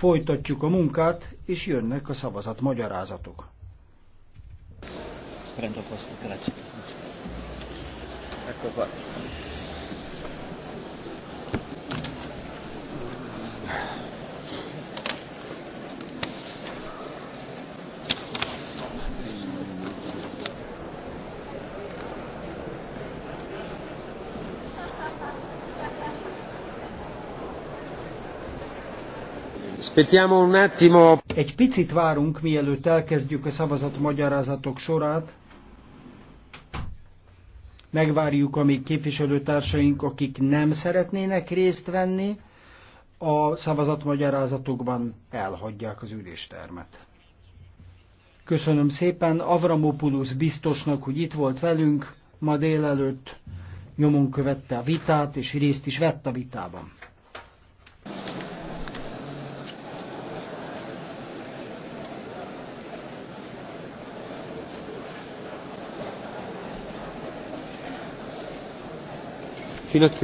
Folytatjuk a munkát, és jönnek a szavazat magyarázatok. Rendben, Aspettiamo un attimo. Egy picit várunk, mielőtt elkezdjük a szavazat magyarázatok sorát. Megvárjuk, amíg képviselőtársaink, akik nem szeretnének részt venni, a szavazatmagyarázatokban elhagyják az üléstermet. Köszönöm szépen Avramopoulos biztosnak, hogy itt volt velünk ma délelőtt, nyomon követte a vitát, és részt is vett a vitában. Kinek?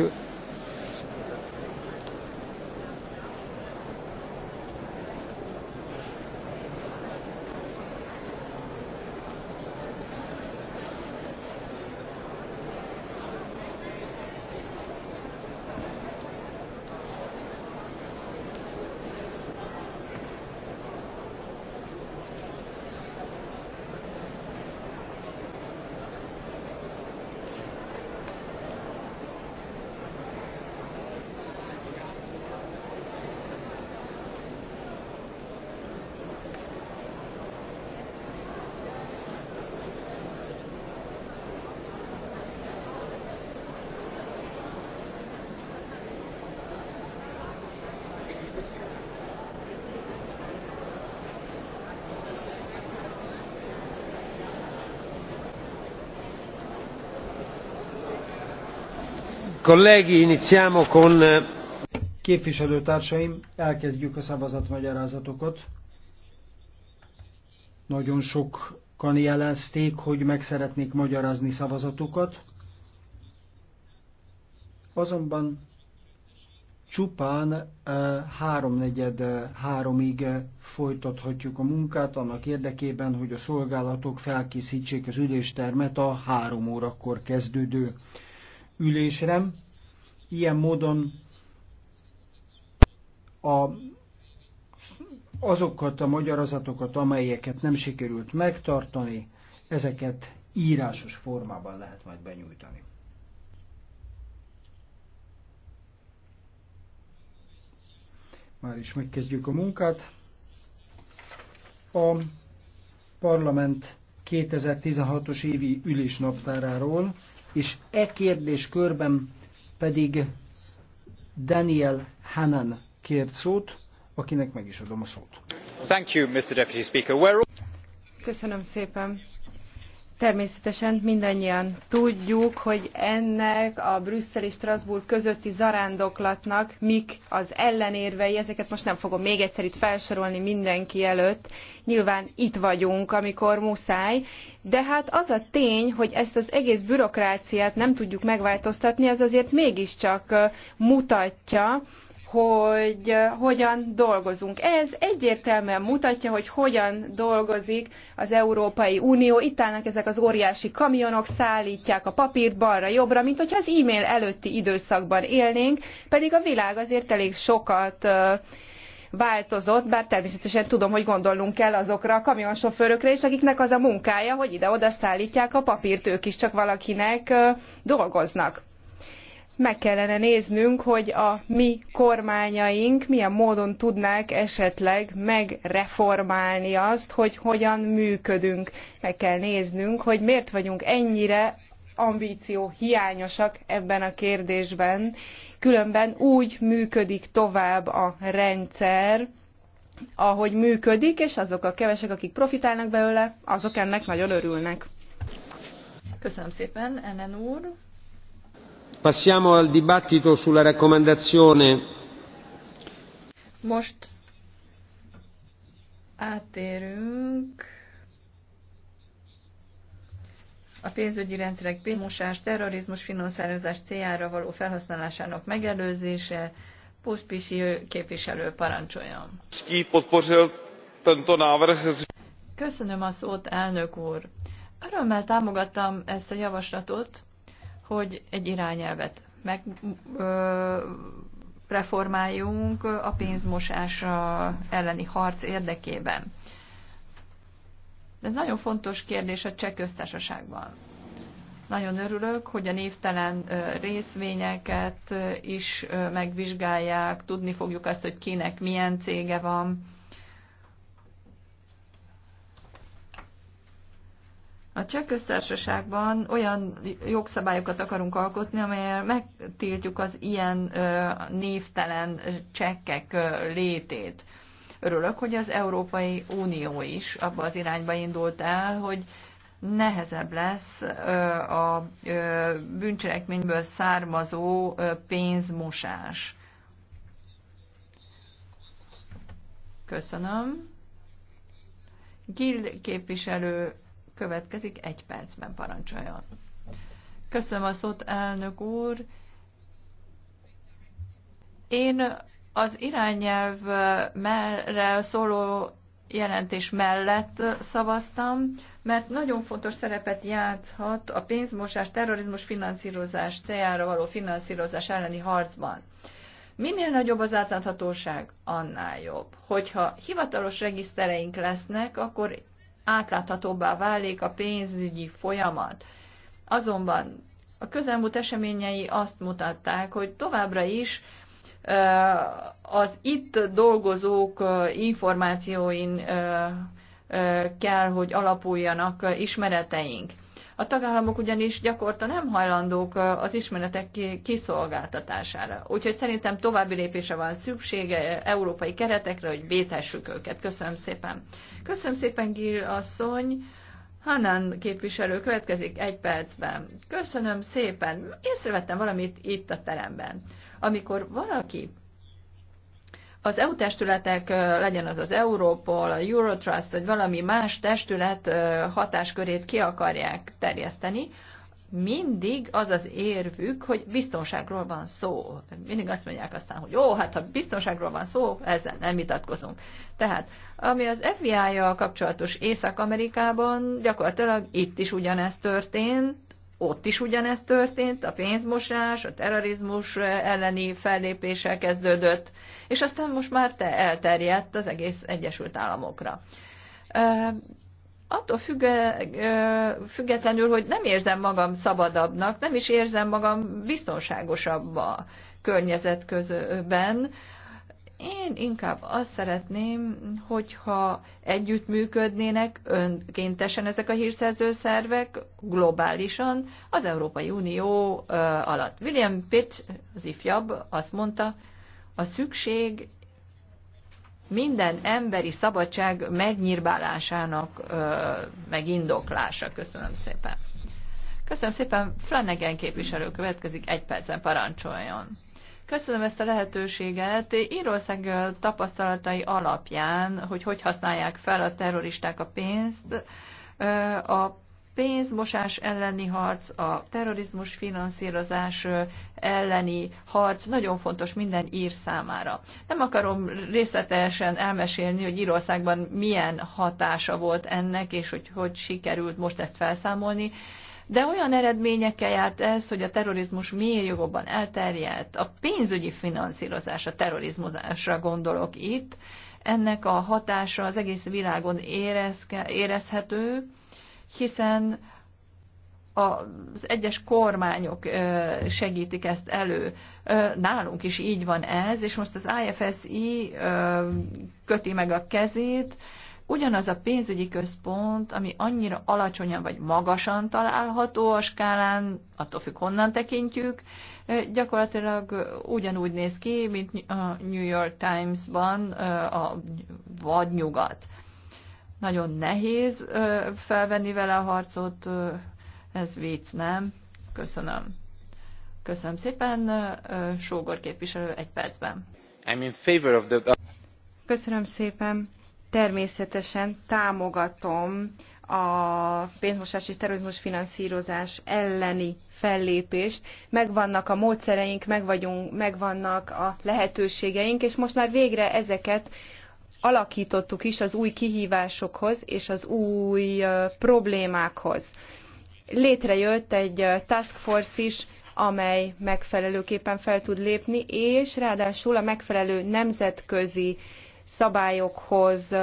Eh, Képviselőtársaim, elkezdjük a szavazatmagyarázatokat. Nagyon sokan jelezték, hogy meg szeretnék magyarázni szavazatukat. Azonban csupán eh, háromnegyed eh, háromig folytathatjuk a munkát annak érdekében, hogy a szolgálatok felkészítsék az üléstermet a három órakor kezdődő ülésre. Ilyen módon a, azokat a magyarazatokat, amelyeket nem sikerült megtartani, ezeket írásos formában lehet majd benyújtani. Már is megkezdjük a munkát. A parlament 2016-os évi ülésnaptáráról és e körben pedig Daniel Hanan kért szót, akinek meg is adom a szót. Thank you, Mr. Deputy Speaker. Köszönöm szépen. Természetesen mindannyian tudjuk, hogy ennek a Brüsszel és Strasbourg közötti zarándoklatnak mik az ellenérvei, ezeket most nem fogom még egyszer itt felsorolni mindenki előtt. Nyilván itt vagyunk, amikor muszáj, de hát az a tény, hogy ezt az egész bürokráciát nem tudjuk megváltoztatni, ez azért mégiscsak mutatja, hogy eh, hogyan dolgozunk. Ez egyértelműen mutatja, hogy hogyan dolgozik az Európai Unió. Itt állnak ezek az óriási kamionok, szállítják a papírt balra-jobbra, mint hogyha az e-mail előtti időszakban élnénk, pedig a világ azért elég sokat eh, változott, bár természetesen tudom, hogy gondolnunk kell azokra a kamionsofőrökre is, akiknek az a munkája, hogy ide-oda szállítják a papírt, ők is csak valakinek eh, dolgoznak meg kellene néznünk, hogy a mi kormányaink milyen módon tudnák esetleg megreformálni azt, hogy hogyan működünk. Meg kell néznünk, hogy miért vagyunk ennyire ambíció hiányosak ebben a kérdésben, különben úgy működik tovább a rendszer, ahogy működik, és azok a kevesek, akik profitálnak belőle, azok ennek nagyon örülnek. Köszönöm szépen, Enen úr. Passiamo al dibattito sulla raccomandazione. Most átérünk a pénzügyi rendszerek pénzmosás, terrorizmus finanszírozás céljára való felhasználásának megelőzése. Puszpisi képviselő parancsoljon. Köszönöm a szót, elnök úr. Örömmel támogattam ezt a javaslatot, hogy egy irányelvet meg ö, reformáljunk a pénzmosás elleni harc érdekében. Ez nagyon fontos kérdés a cseh köztársaságban. Nagyon örülök, hogy a névtelen részvényeket is megvizsgálják, tudni fogjuk azt, hogy kinek milyen cége van, A cseh köztársaságban olyan jogszabályokat akarunk alkotni, amelyel megtiltjuk az ilyen névtelen csekkek létét. Örülök, hogy az Európai Unió is abba az irányba indult el, hogy nehezebb lesz a bűncselekményből származó pénzmosás. Köszönöm. Gil képviselő következik egy percben parancsoljon. Köszönöm a szót, elnök úr. Én az irányelv szóló jelentés mellett szavaztam, mert nagyon fontos szerepet játszhat a pénzmosás, terrorizmus finanszírozás céljára való finanszírozás elleni harcban. Minél nagyobb az átláthatóság, annál jobb. Hogyha hivatalos regisztereink lesznek, akkor átláthatóbbá válik a pénzügyi folyamat. Azonban a közelmúlt eseményei azt mutatták, hogy továbbra is az itt dolgozók információin kell, hogy alapuljanak ismereteink. A tagállamok ugyanis gyakorta nem hajlandók az ismeretek kiszolgáltatására. Úgyhogy szerintem további lépése van szüksége európai keretekre, hogy vétessük őket. Köszönöm szépen. Köszönöm szépen, Gil asszony. Hanan képviselő következik egy percben. Köszönöm szépen. Észrevettem valamit itt a teremben. Amikor valaki az EU testületek, legyen az az Európol, a Eurotrust, vagy valami más testület hatáskörét ki akarják terjeszteni, mindig az az érvük, hogy biztonságról van szó. Mindig azt mondják aztán, hogy ó, hát ha biztonságról van szó, ezzel nem vitatkozunk. Tehát, ami az FBI-jal kapcsolatos Észak-Amerikában, gyakorlatilag itt is ugyanezt történt, ott is ugyanezt történt, a pénzmosás, a terrorizmus eh, elleni fellépéssel kezdődött, és aztán most már te elterjedt az egész Egyesült Államokra. Eh, attól függe, eh, függetlenül, hogy nem érzem magam szabadabbnak, nem is érzem magam biztonságosabb a környezet én inkább azt szeretném, hogyha együttműködnének önkéntesen ezek a hírszerző szervek globálisan az Európai Unió alatt. William Pitt, az ifjabb, azt mondta, a szükség minden emberi szabadság megnyírbálásának megindoklása. Köszönöm szépen. Köszönöm szépen. Flanagan képviselő következik, egy percen parancsoljon. Köszönöm ezt a lehetőséget. Írország tapasztalatai alapján, hogy hogy használják fel a terroristák a pénzt, a pénzmosás elleni harc, a terrorizmus finanszírozás elleni harc nagyon fontos minden ír számára. Nem akarom részletesen elmesélni, hogy Írországban milyen hatása volt ennek, és hogy hogy sikerült most ezt felszámolni, de olyan eredményekkel járt ez, hogy a terrorizmus miért jobban elterjedt. A pénzügyi finanszírozás, a terrorizmusra gondolok itt, ennek a hatása az egész világon érezke, érezhető, hiszen az egyes kormányok segítik ezt elő. Nálunk is így van ez, és most az IFSI köti meg a kezét, ugyanaz a pénzügyi központ, ami annyira alacsonyan vagy magasan található a skálán, attól függ honnan tekintjük, gyakorlatilag ugyanúgy néz ki, mint a New York Times-ban a vadnyugat. Nagyon nehéz felvenni vele a harcot, ez vicc, nem? Köszönöm. Köszönöm szépen, Sógor képviselő egy percben. I'm in favor of the... Köszönöm szépen. Természetesen támogatom a pénzmosás és terrorizmus finanszírozás elleni fellépést. Megvannak a módszereink, megvagyunk, megvannak a lehetőségeink, és most már végre ezeket alakítottuk is az új kihívásokhoz és az új problémákhoz. Létrejött egy task force is, amely megfelelőképpen fel tud lépni, és ráadásul a megfelelő nemzetközi szabályokhoz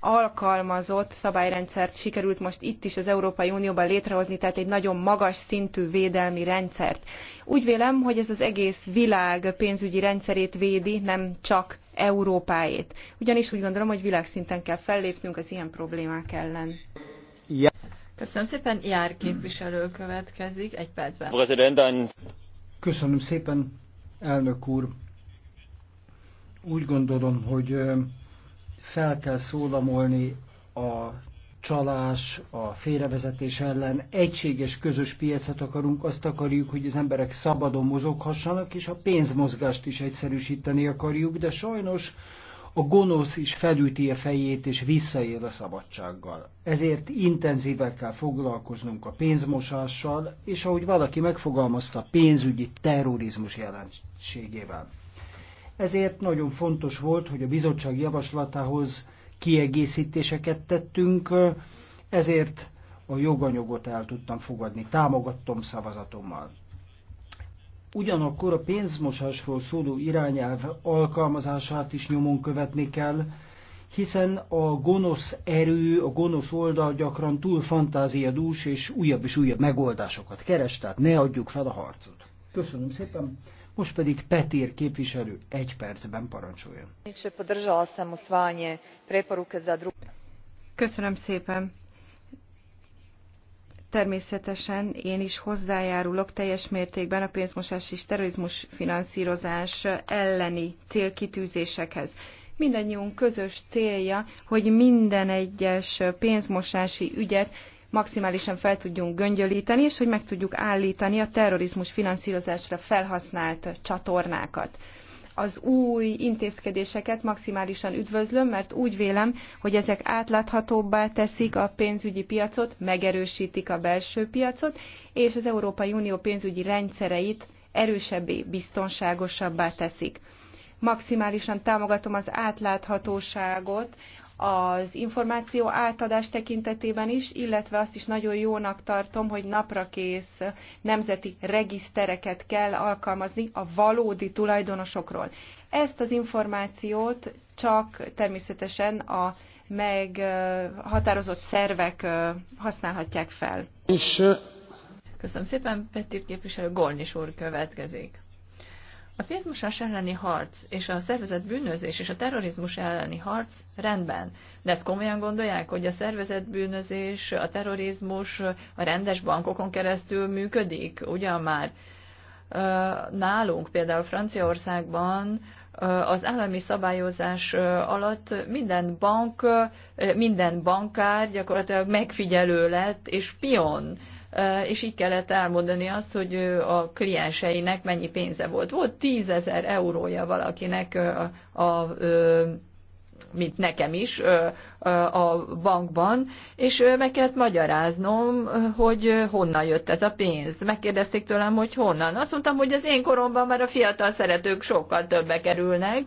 alkalmazott szabályrendszert sikerült most itt is az Európai Unióban létrehozni, tehát egy nagyon magas szintű védelmi rendszert. Úgy vélem, hogy ez az egész világ pénzügyi rendszerét védi, nem csak Európáét. Ugyanis úgy gondolom, hogy világszinten kell fellépnünk az ilyen problémák ellen. Ja. Köszönöm szépen, jár képviselő következik egy percben. Köszönöm szépen, elnök úr úgy gondolom, hogy fel kell szólamolni a csalás, a félrevezetés ellen egységes közös piacot akarunk, azt akarjuk, hogy az emberek szabadon mozoghassanak, és a pénzmozgást is egyszerűsíteni akarjuk, de sajnos a gonosz is felüti a fejét és visszaél a szabadsággal. Ezért intenzívekkel kell foglalkoznunk a pénzmosással, és ahogy valaki megfogalmazta, pénzügyi terrorizmus jelenségével. Ezért nagyon fontos volt, hogy a bizottság javaslatához kiegészítéseket tettünk, ezért a joganyagot el tudtam fogadni, támogattam szavazatommal. Ugyanakkor a pénzmosásról szóló irányelv alkalmazását is nyomon követni kell, hiszen a gonosz erő, a gonosz oldal gyakran túl fantáziadús és újabb és újabb megoldásokat keres, tehát ne adjuk fel a harcot. Köszönöm szépen! Most pedig Petér képviselő egy percben parancsoljon. Köszönöm szépen. Természetesen én is hozzájárulok teljes mértékben a pénzmosás és terrorizmus finanszírozás elleni célkitűzésekhez mindannyiunk közös célja, hogy minden egyes pénzmosási ügyet maximálisan fel tudjunk göngyölíteni, és hogy meg tudjuk állítani a terrorizmus finanszírozásra felhasznált csatornákat az új intézkedéseket maximálisan üdvözlöm, mert úgy vélem, hogy ezek átláthatóbbá teszik a pénzügyi piacot, megerősítik a belső piacot, és az Európai Unió pénzügyi rendszereit erősebbé, biztonságosabbá teszik. Maximálisan támogatom az átláthatóságot az információ átadás tekintetében is, illetve azt is nagyon jónak tartom, hogy naprakész nemzeti regisztereket kell alkalmazni a valódi tulajdonosokról. Ezt az információt csak természetesen a meghatározott szervek használhatják fel. Köszönöm szépen, Petit képviselő Gornis úr következik. A pénzmosás elleni harc és a szervezet bűnözés és a terrorizmus elleni harc rendben, de ezt komolyan gondolják, hogy a szervezet bűnözés, a terrorizmus a rendes bankokon keresztül működik, ugyan már nálunk, például Franciaországban az állami szabályozás alatt minden bank, minden bankár gyakorlatilag megfigyelő lett és pion. És így kellett elmondani azt, hogy a klienseinek mennyi pénze volt. Volt tízezer eurója valakinek a, a mint nekem is a bankban, és meg kellett magyaráznom, hogy honnan jött ez a pénz. Megkérdezték tőlem, hogy honnan. Azt mondtam, hogy az én koromban már a fiatal szeretők sokkal többe kerülnek,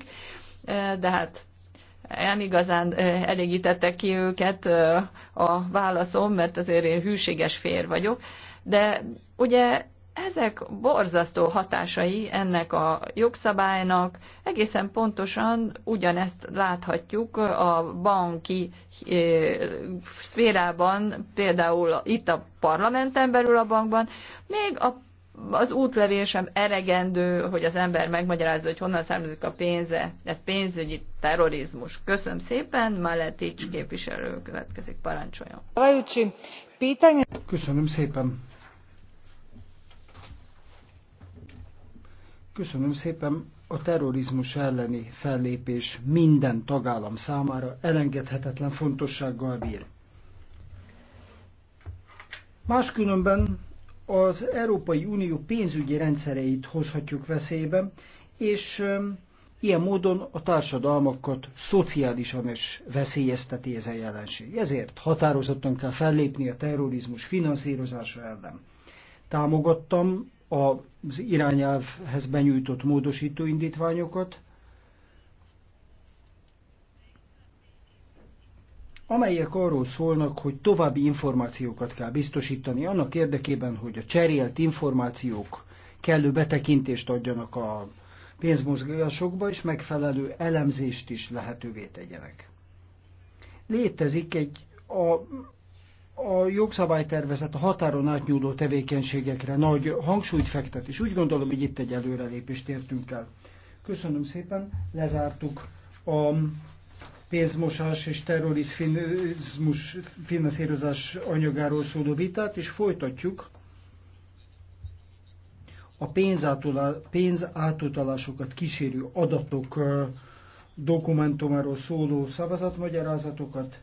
de hát nem igazán elégítettek ki őket a válaszom, mert azért én hűséges fér vagyok. De ugye ezek borzasztó hatásai ennek a jogszabálynak. Egészen pontosan ugyanezt láthatjuk a banki eh, szférában, például itt a parlamenten belül a bankban, még a az útlevél sem eregendő, hogy az ember megmagyarázza, hogy honnan származik a pénze. Ez pénzügyi terrorizmus. Köszönöm szépen, Maletics képviselő következik, parancsoljon. Köszönöm szépen. Köszönöm szépen. A terrorizmus elleni fellépés minden tagállam számára elengedhetetlen fontossággal bír. Máskülönben az Európai Unió pénzügyi rendszereit hozhatjuk veszélybe, és ilyen módon a társadalmakat szociálisan is veszélyezteti ez a jelenség. Ezért határozottan kell fellépni a terrorizmus finanszírozása ellen. Támogattam az irányelvhez benyújtott módosító indítványokat, amelyek arról szólnak, hogy további információkat kell biztosítani annak érdekében, hogy a cserélt információk kellő betekintést adjanak a pénzmozgásokba, és megfelelő elemzést is lehetővé tegyenek. Létezik egy a a jogszabálytervezet a határon átnyúló tevékenységekre nagy hangsúlyt fektet, és úgy gondolom, hogy itt egy előrelépést értünk el. Köszönöm szépen, lezártuk a pénzmosás és terrorizmus finanszírozás anyagáról szóló vitát, és folytatjuk a pénzátutalásokat kísérő adatok dokumentumáról szóló szavazatmagyarázatokat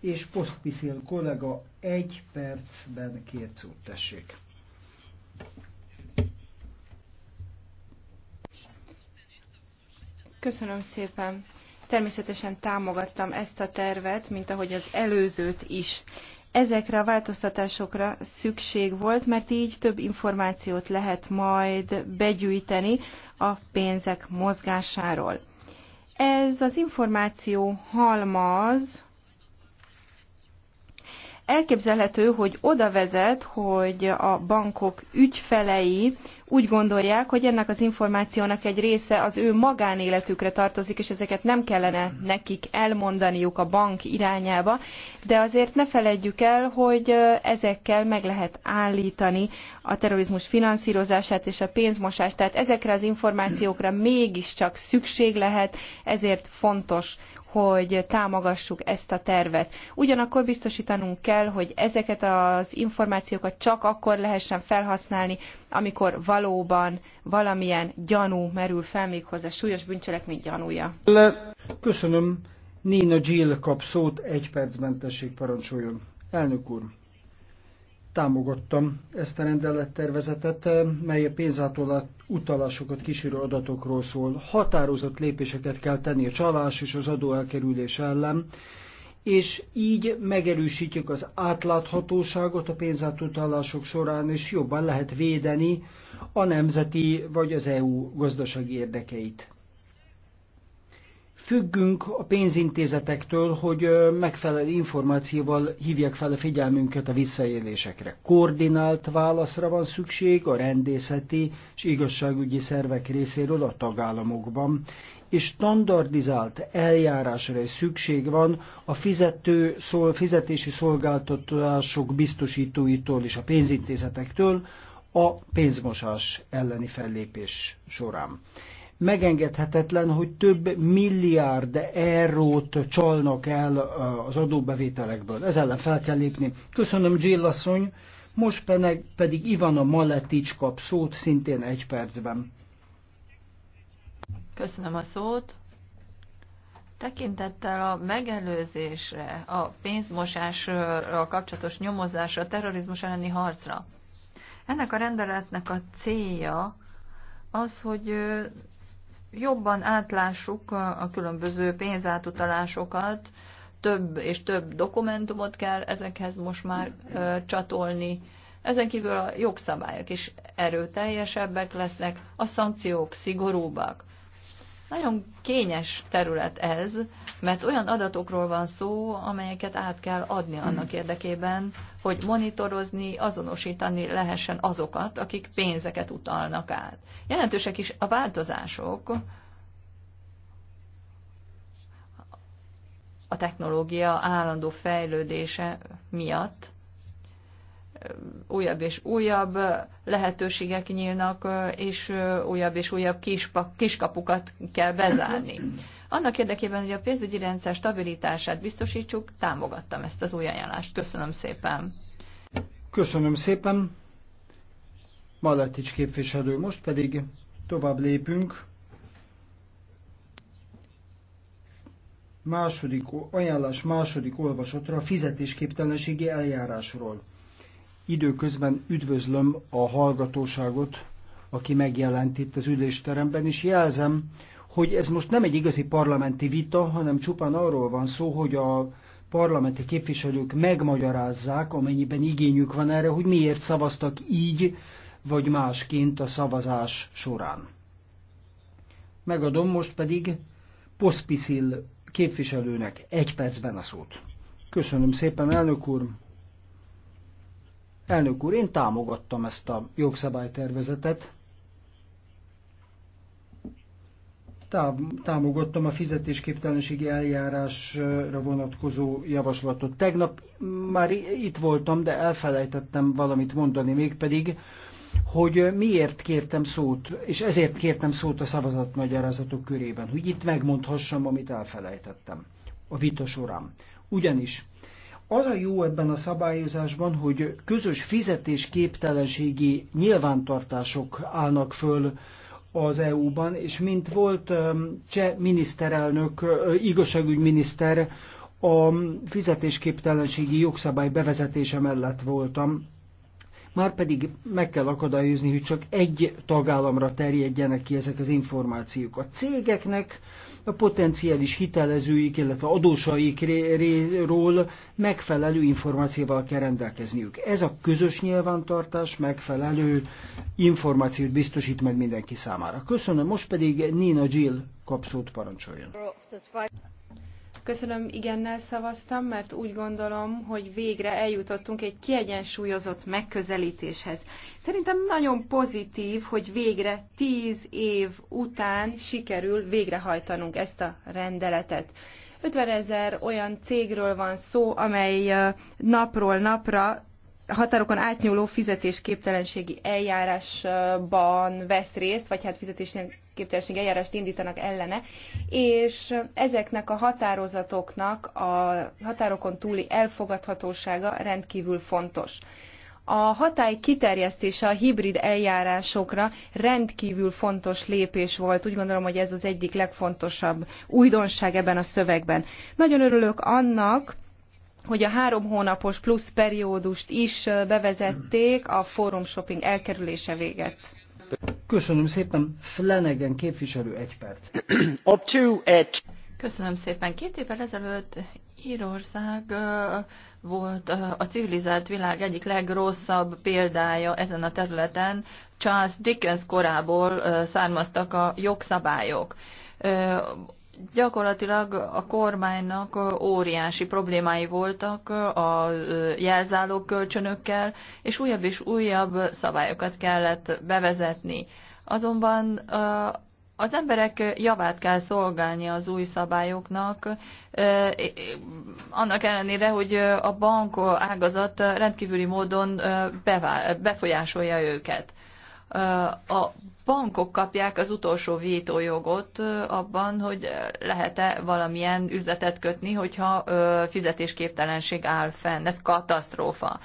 és Posztpiszil kollega egy percben kért szót tessék. Köszönöm szépen. Természetesen támogattam ezt a tervet, mint ahogy az előzőt is. Ezekre a változtatásokra szükség volt, mert így több információt lehet majd begyűjteni a pénzek mozgásáról. Ez az információ halmaz, elképzelhető, hogy oda vezet, hogy a bankok ügyfelei úgy gondolják, hogy ennek az információnak egy része az ő magánéletükre tartozik, és ezeket nem kellene nekik elmondaniuk a bank irányába, de azért ne feledjük el, hogy ezekkel meg lehet állítani a terrorizmus finanszírozását és a pénzmosást. Tehát ezekre az információkra mégiscsak szükség lehet, ezért fontos, hogy támogassuk ezt a tervet. Ugyanakkor biztosítanunk kell, hogy ezeket az információkat csak akkor lehessen felhasználni, amikor valóban valamilyen gyanú merül fel hozzá, súlyos bűncselekmény gyanúja. Köszönöm. Nina Jill kap szót, egy percben tessék parancsoljon. Elnök úr, támogattam ezt a rendelettervezetet, mely a pénzától utalásokat kísérő adatokról szól. Határozott lépéseket kell tenni a csalás és az adóelkerülés ellen, és így megerősítjük az átláthatóságot a pénzátutalások során, és jobban lehet védeni a nemzeti vagy az EU gazdasági érdekeit függünk a pénzintézetektől, hogy megfelelő információval hívják fel a figyelmünket a visszaélésekre. Koordinált válaszra van szükség a rendészeti és igazságügyi szervek részéről a tagállamokban, és standardizált eljárásra is szükség van a fizető, szol, fizetési szolgáltatások biztosítóitól és a pénzintézetektől a pénzmosás elleni fellépés során megengedhetetlen, hogy több milliárd eurót csalnak el az adóbevételekből. Ez ellen fel kell lépni. Köszönöm, Jill asszony. Most pedig, Ivana Maletics kap szót, szintén egy percben. Köszönöm a szót. Tekintettel a megelőzésre, a pénzmosásra a kapcsolatos nyomozásra, a terrorizmus elleni harcra. Ennek a rendeletnek a célja az, hogy jobban átlássuk a különböző pénzátutalásokat, több és több dokumentumot kell ezekhez most már csatolni. Ezen kívül a jogszabályok is erőteljesebbek lesznek, a szankciók szigorúbbak. Nagyon kényes terület ez, mert olyan adatokról van szó, amelyeket át kell adni annak érdekében, hogy monitorozni, azonosítani lehessen azokat, akik pénzeket utalnak át. Jelentősek is a változások a technológia állandó fejlődése miatt újabb és újabb lehetőségek nyílnak, és újabb és újabb kiskapukat kell bezárni. Annak érdekében, hogy a pénzügyi rendszer stabilitását biztosítsuk, támogattam ezt az új ajánlást. Köszönöm szépen. Köszönöm szépen. Maletics képviselő. Most pedig tovább lépünk. Második, ajánlás második olvasatra a fizetésképtelenségi eljárásról. Időközben üdvözlöm a hallgatóságot, aki megjelent itt az ülésteremben, és jelzem, hogy ez most nem egy igazi parlamenti vita, hanem csupán arról van szó, hogy a parlamenti képviselők megmagyarázzák, amennyiben igényük van erre, hogy miért szavaztak így, vagy másként a szavazás során. Megadom most pedig Poszpiszil képviselőnek egy percben a szót. Köszönöm szépen, elnök úr! Elnök úr, én támogattam ezt a jogszabálytervezetet. Támogattam a fizetésképtelenségi eljárásra vonatkozó javaslatot. Tegnap már itt voltam, de elfelejtettem valamit mondani, mégpedig, hogy miért kértem szót, és ezért kértem szót a szavazatmagyarázatok körében, hogy itt megmondhassam, amit elfelejtettem a vita során. Ugyanis az a jó ebben a szabályozásban, hogy közös fizetésképtelenségi nyilvántartások állnak föl az EU-ban, és mint volt cseh miniszterelnök, igazságügyminiszter, a fizetésképtelenségi jogszabály bevezetése mellett voltam, már pedig meg kell akadályozni, hogy csak egy tagállamra terjedjenek ki ezek az információk. A cégeknek a potenciális hitelezőik, illetve adósaikról megfelelő információval kell rendelkezniük. Ez a közös nyilvántartás megfelelő információt biztosít meg mindenki számára. Köszönöm, most pedig Nina Jill kapszót parancsoljon. Köszönöm, igennel szavaztam, mert úgy gondolom, hogy végre eljutottunk egy kiegyensúlyozott megközelítéshez. Szerintem nagyon pozitív, hogy végre tíz év után sikerül végrehajtanunk ezt a rendeletet. 50 ezer olyan cégről van szó, amely napról napra határokon átnyúló fizetésképtelenségi eljárásban vesz részt, vagy hát fizetés képtelenségi eljárást indítanak ellene, és ezeknek a határozatoknak a határokon túli elfogadhatósága rendkívül fontos. A hatály kiterjesztése a hibrid eljárásokra rendkívül fontos lépés volt. Úgy gondolom, hogy ez az egyik legfontosabb újdonság ebben a szövegben. Nagyon örülök annak, hogy a három hónapos plusz periódust is bevezették a fórum shopping elkerülése véget. Köszönöm szépen, Flanagan képviselő egy perc. Up to it. Köszönöm szépen. Két évvel ezelőtt Írország volt a civilizált világ egyik legrosszabb példája ezen a területen. Charles Dickens korából származtak a jogszabályok gyakorlatilag a kormánynak óriási problémái voltak a jelzálók kölcsönökkel, és újabb és újabb szabályokat kellett bevezetni. Azonban az emberek javát kell szolgálni az új szabályoknak, annak ellenére, hogy a bank ágazat rendkívüli módon befolyásolja őket a bankok kapják az utolsó vétójogot abban, hogy lehet-e valamilyen üzletet kötni, hogyha fizetésképtelenség áll fenn. Ez katasztrófa.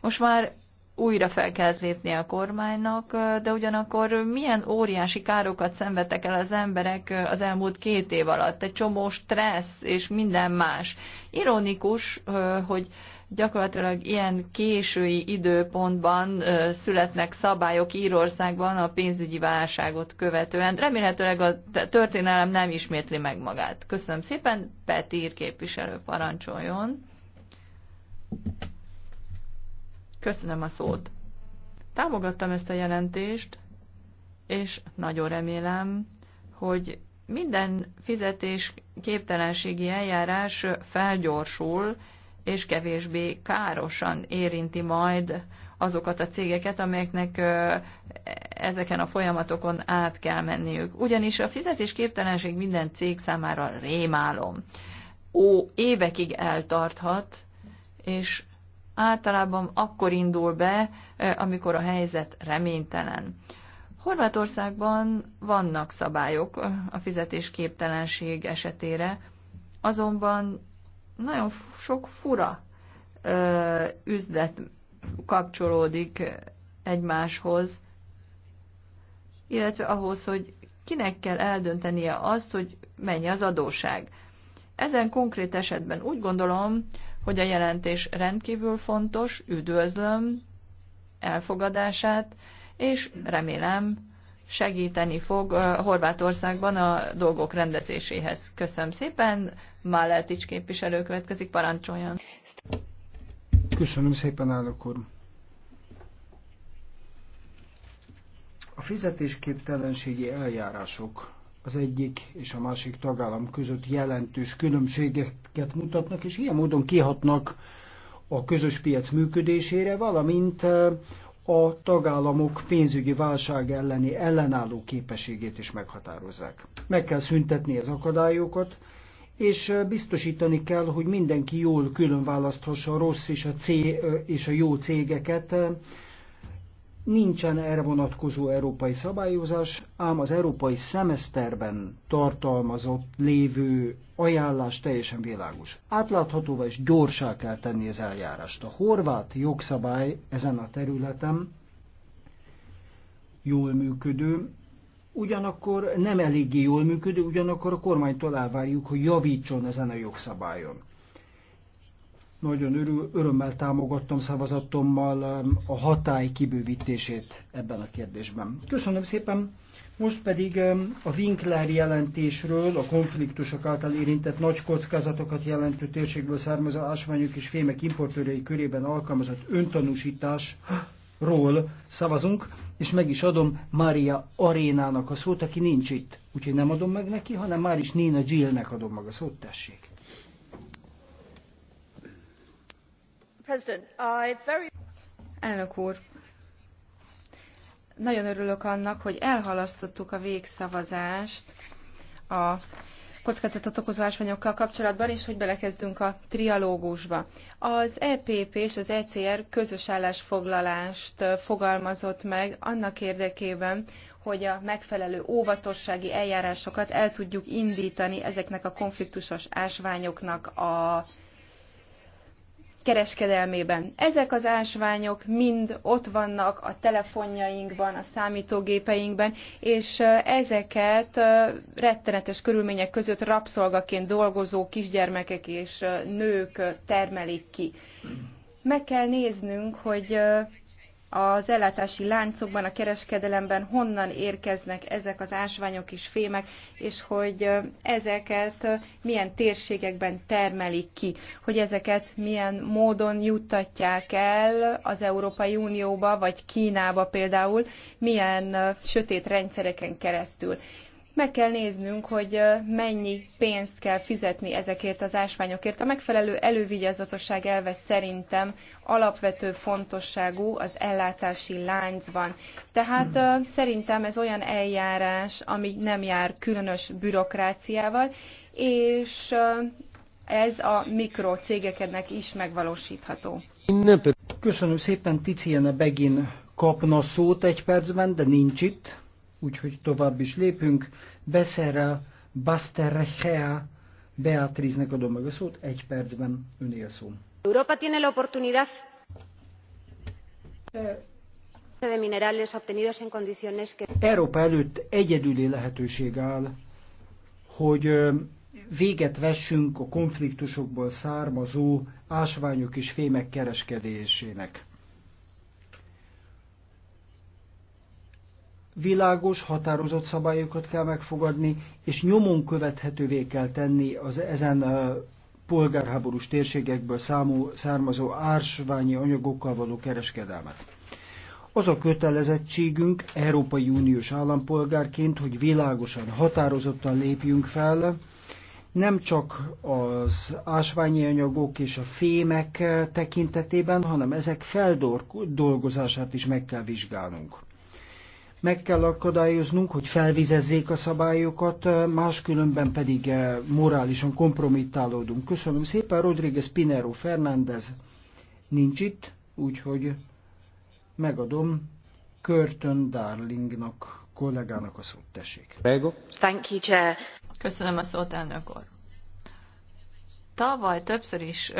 Most már újra fel kell lépni a kormánynak, de ugyanakkor milyen óriási károkat szenvedtek el az emberek az elmúlt két év alatt. Egy csomó stressz és minden más. Ironikus, hogy Gyakorlatilag ilyen késői időpontban születnek szabályok Írországban a pénzügyi válságot követően. Remélhetőleg a történelem nem ismétli meg magát. Köszönöm szépen, Petír képviselő parancsoljon. Köszönöm a szót. Támogattam ezt a jelentést, és nagyon remélem, hogy minden fizetés képtelenségi eljárás felgyorsul, és kevésbé károsan érinti majd azokat a cégeket, amelyeknek ezeken a folyamatokon át kell menniük. Ugyanis a fizetésképtelenség minden cég számára rémálom. Ó, évekig eltarthat, és általában akkor indul be, amikor a helyzet reménytelen. Horvátországban vannak szabályok a fizetésképtelenség esetére, azonban nagyon sok fura ö, üzlet kapcsolódik egymáshoz, illetve ahhoz, hogy kinek kell eldöntenie azt, hogy mennyi az adóság. Ezen konkrét esetben úgy gondolom, hogy a jelentés rendkívül fontos, üdvözlöm elfogadását, és remélem, segíteni fog Horvátországban a dolgok rendezéséhez. Köszönöm szépen, Máletics képviselő következik, parancsoljon. Köszönöm szépen, állok úr. A fizetésképtelenségi eljárások az egyik és a másik tagállam között jelentős különbségeket mutatnak, és ilyen módon kihatnak a közös piac működésére, valamint a tagállamok pénzügyi válság elleni ellenálló képességét is meghatározzák. Meg kell szüntetni az akadályokat, és biztosítani kell, hogy mindenki jól külön választhassa a rossz és a, cég, és a jó cégeket, Nincsen erre vonatkozó európai szabályozás, ám az európai szemeszterben tartalmazott lévő ajánlás teljesen világos. Átláthatóvá és gyorsá kell tenni az eljárást. A horvát jogszabály ezen a területen jól működő, ugyanakkor nem eléggé jól működő, ugyanakkor a kormánytól elvárjuk, hogy javítson ezen a jogszabályon. Nagyon örül, örömmel támogattam szavazatommal um, a hatály kibővítését ebben a kérdésben. Köszönöm szépen! Most pedig um, a Winkler jelentésről, a konfliktusok által érintett nagy kockázatokat jelentő térségből származó ásványok és fémek importőrei körében alkalmazott öntanúsításról szavazunk, és meg is adom Mária Arénának a szót, aki nincs itt. Úgyhogy nem adom meg neki, hanem már is Nina Jillnek adom meg a szót, tessék. Elnök úr, nagyon örülök annak, hogy elhalasztottuk a végszavazást a kockázatot okozó ásványokkal kapcsolatban, és hogy belekezdünk a trialógusba. Az EPP és az ECR közös állásfoglalást fogalmazott meg annak érdekében, hogy a megfelelő óvatossági eljárásokat el tudjuk indítani ezeknek a konfliktusos ásványoknak a kereskedelmében. Ezek az ásványok mind ott vannak a telefonjainkban, a számítógépeinkben, és ezeket rettenetes körülmények között rabszolgaként dolgozó kisgyermekek és nők termelik ki. Meg kell néznünk, hogy az ellátási láncokban, a kereskedelemben honnan érkeznek ezek az ásványok és fémek, és hogy ezeket milyen térségekben termelik ki, hogy ezeket milyen módon juttatják el az Európai Unióba, vagy Kínába például, milyen sötét rendszereken keresztül meg kell néznünk, hogy mennyi pénzt kell fizetni ezekért az ásványokért. A megfelelő elővigyázatosság elve szerintem alapvető fontosságú az ellátási láncban. Tehát szerintem ez olyan eljárás, ami nem jár különös bürokráciával, és ez a mikrocégeknek is megvalósítható. Köszönöm szépen, Tiziana Begin kapna szót egy percben, de nincs itt úgyhogy tovább is lépünk. Beszerre, Basterrechea, Beatriznek adom meg a szót, egy percben öné a szó. Europa tiene la oportunidad de minerales obtenidos en condiciones que... Európa előtt egyedüli lehetőség áll, hogy véget vessünk a konfliktusokból származó ásványok és fémek kereskedésének. Világos, határozott szabályokat kell megfogadni, és nyomon követhetővé kell tenni az ezen polgárháborús térségekből számú, származó ásványi anyagokkal való kereskedelmet. Az a kötelezettségünk Európai Uniós állampolgárként, hogy világosan, határozottan lépjünk fel, nem csak az ásványi anyagok és a fémek tekintetében, hanem ezek feldolgozását is meg kell vizsgálnunk meg kell akadályoznunk, hogy felvizezzék a szabályokat, máskülönben pedig morálisan kompromittálódunk. Köszönöm szépen, Rodríguez Pinero Fernández nincs itt, úgyhogy megadom Körtön Darlingnak, kollégának a szót, tessék. Thank you, Chair. Köszönöm a szót, elnök úr. Tavaly többször is